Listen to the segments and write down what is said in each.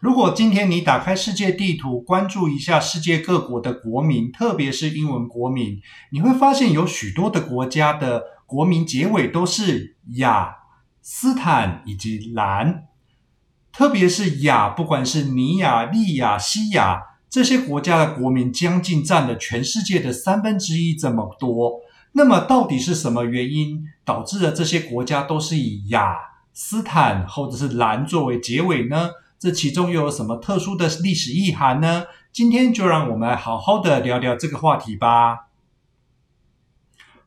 如果今天你打開世界地圖，關注一下世界各國的國名，特別是英文國名，你會發現有許多的國家的國名結尾都是亞、斯坦以及蘭，特別是亞，不管是尼亞、利亞、西亞這些國家的國名，將近占了全世界的三分之一這麼多。那麼，到底是什麼原因導致了這些國家都是以亞、斯坦或者是蘭作為結尾呢？這其中又有什麼特殊的歷史意涵呢？今天就讓我們好好的聊聊這個話題吧。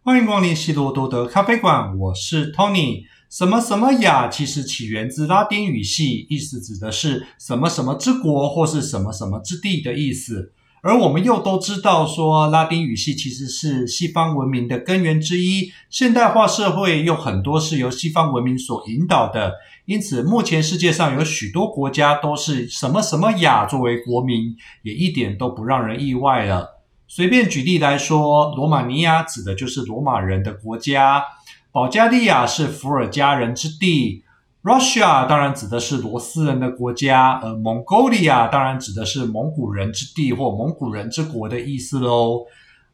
歡迎光臨希羅多德咖啡館，我是 Tony。什麼什麼亞其實起源自拉丁語系，意思指的是什麼什麼之國或是什麼什麼之地的意思。而我們又都知道，說拉丁語系其實是西方文明的根源之一，現代化社會又很多是由西方文明所引導的，因此目前世界上有許多國家都是什麼什麼亞作為國名，也一點都不讓人意外了。隨便舉例來說，羅馬尼亞指的就是羅馬人的國家，保加利亞是伏爾加人之地。Russia 當然指的是羅斯人的國家，而 Mongolia 當然指的是蒙古人之地或蒙古人之國的意思嘍。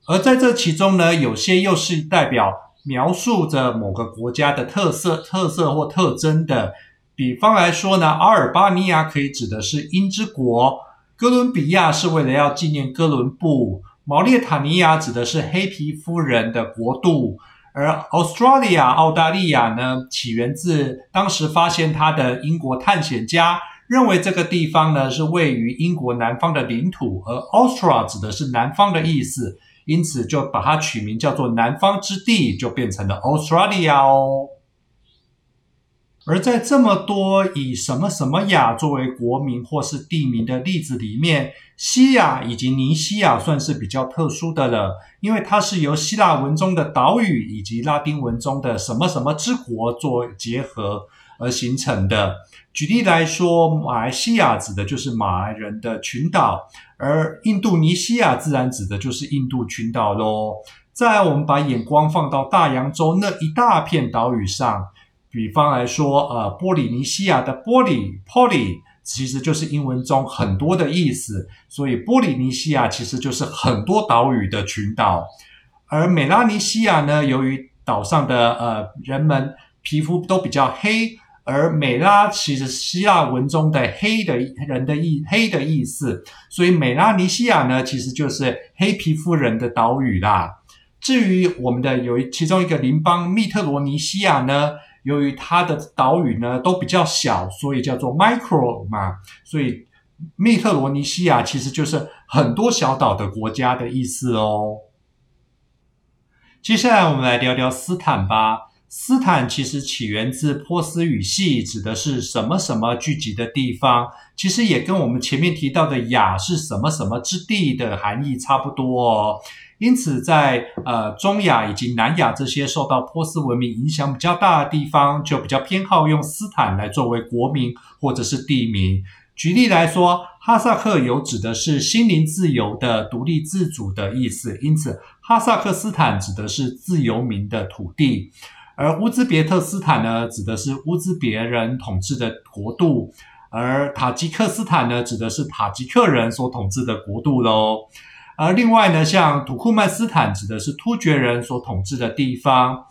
而在這其中呢，有些又是代表描述着某個國家的特色、特色或特徵的。比方來說呢，阿爾巴尼亞可以指的是鷹之國，哥倫比亞是為了要紀念哥倫布，毛里塔尼亞指的是黑皮膚人的國度。而 Australia 澳大利亞呢，起源自當時發現它的英國探險家認為這個地方呢是位於英國南方的領土，而 Australia 指的是南方的意思，因此就把它取名叫做南方之地，就變成了 Australia 哦。而在這麼多以什麼什麼亞作為國名或是地名的例子裡面，西亞以及尼西亞算是比較特殊的了，因為它是由希臘文中的島嶼以及拉丁文中的什麼什麼之國做結合而形成的。舉例來說，馬來西亞指的就是馬來人的群島，而印度尼西亞自然指的就是印度群島咯。再來我們把眼光放到大洋洲那一大片島嶼上。比方來說，呃，波利尼西亞的波利 poly 其實就是英文中很多的意思，所以波利尼西亞其實就是很多島嶼的群島。而美拉尼西亞呢，由於島上的呃人們皮膚都比較黑，而美拉其實希臘文中的黑的人的意黑的意思，所以美拉尼西亞呢其實就是黑皮膚人的島嶼啦。至於我們的有其中一個鄰邦密特羅尼西亞呢。由於它的島嶼呢都比較小，所以叫做 micro 嘛，所以密克羅尼西亞其實就是很多小島的國家的意思哦。接下來我們來聊聊斯坦吧。斯坦其實起源自波斯語系，指的是什麼什麼聚集的地方，其實也跟我們前面提到的亞是什麼什麼之地的含義差不多哦。因此在，在呃中亞以及南亞這些受到波斯文明影響比較大的地方，就比較偏好用斯坦來作為國名或者是地名。舉例來說，哈薩克有指的是心靈自由的獨立自主的意思，因此哈薩克斯坦指的是自由民的土地；而烏茲別特斯坦呢，指的是烏茲別人統治的國度；而塔吉克斯坦呢，指的是塔吉克人所統治的國度嘍。而另外呢，像土庫曼斯坦指的是突厥人所統治的地方，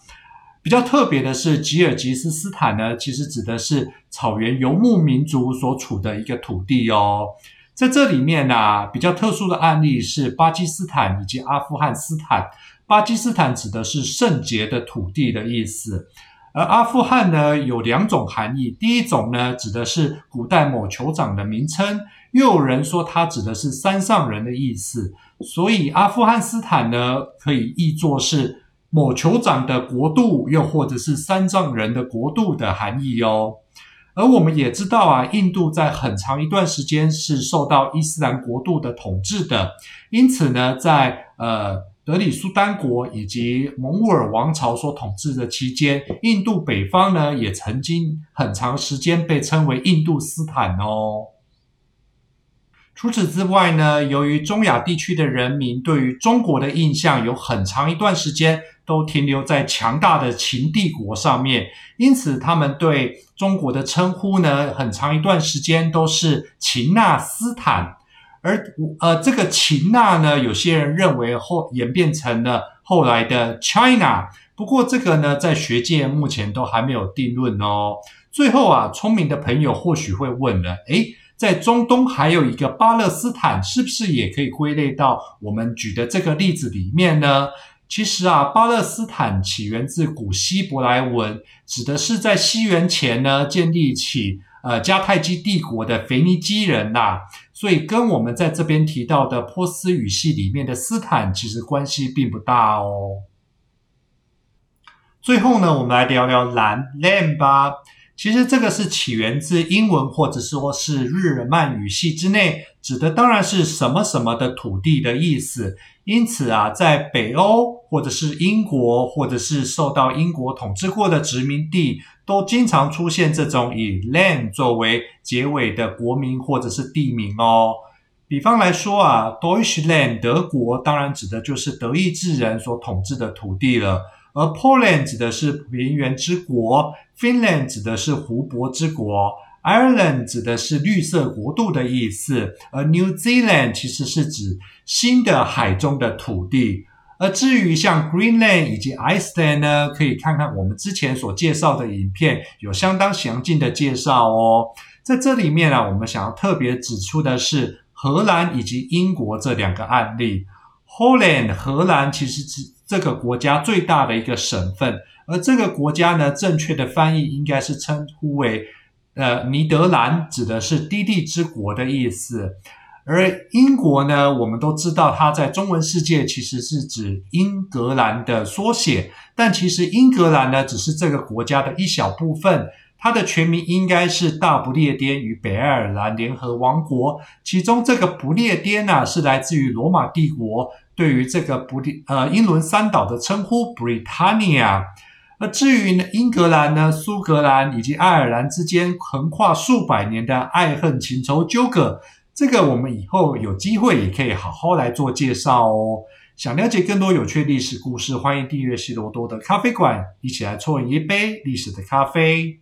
比較特別的是吉爾吉斯斯坦呢，其實指的是草原游牧民族所處的一個土地哦。在這裡面啊，比較特殊的案例是巴基斯坦以及阿富汗斯坦。巴基斯坦指的是聖潔的土地的意思。而阿富汗呢，有兩種含義，第一種呢指的是古代某酋長的名稱，又有人說它指的是山上人的意思，所以阿富汗斯坦呢可以譯作是某酋長的國度，又或者是山上人的國度的含義喲、哦。而我們也知道啊，印度在很長一段時間是受到伊斯蘭國度的統治的，因此呢，在呃。德里蘇丹國以及蒙古爾王朝所統治的期間，印度北方呢也曾經很長時間被稱為印度斯坦哦。除此之外呢，由於中亞地區的人民對於中國的印象有很長一段時間都停留在強大的秦帝國上面，因此他們對中國的稱呼呢，很長一段時間都是秦納斯坦。而呃，這個秦娜呢，有些人認為後演變成了後來的 China，不過這個呢，在學界目前都還沒有定論哦。最後啊，聰明的朋友或許會問了：誒，在中東還有一個巴勒斯坦，是不是也可以歸類到我們舉的這個例子裡面呢？其實啊，巴勒斯坦起源自古希伯來文，指的是在西元前呢建立起呃迦太基帝國的腓尼基人吶、啊。所以跟我們在這邊提到的波斯語系裡面的斯坦其實關係並不大哦。最後呢，我們來聊聊蘭 land 吧。其實這個是起源自英文或者說是日耳曼語系之內，指的當然是什麼什麼的土地的意思。因此啊，在北歐或者是英國或者是受到英國統治過的殖民地。都經常出現這種以 land 作為結尾的國名或者是地名哦。比方來說啊，Deutschland 德國當然指的就是德意志人所統治的土地了。而 Poland 指的是平原之國，Finland 指的是湖泊之國，Ireland 指的是綠色國度的意思。而 New Zealand 其實是指新的海中的土地。而至於像 Greenland 以及 Iceland 呢，可以看看我們之前所介紹的影片，有相當詳盡的介紹哦。在這裡面呢、啊，我們想要特別指出的是荷蘭以及英國這兩個案例。Holland 荷，荷蘭其實是這個國家最大的一個省份，而這個國家呢，正確的翻譯應該是稱呼為呃尼德蘭，指的是低地之國的意思。而英國呢，我們都知道，它在中文世界其實是指英格蘭的縮寫，但其實英格蘭呢，只是這個國家的一小部分，它的全名應該是大不列顛與北愛爾蘭聯合王國。其中這個不列顛呢、啊，是來自於羅馬帝國對於這個不列呃英倫三島的稱呼 Britannia。那至於呢，英格蘭呢、蘇格蘭以及愛爾蘭之間橫跨數百年的愛恨情仇糾葛。這個我們以後有機會也可以好好來做介紹哦。想了解更多有趣歷史故事，歡迎訂閱西羅多的咖啡館，一起來沖一杯歷史的咖啡。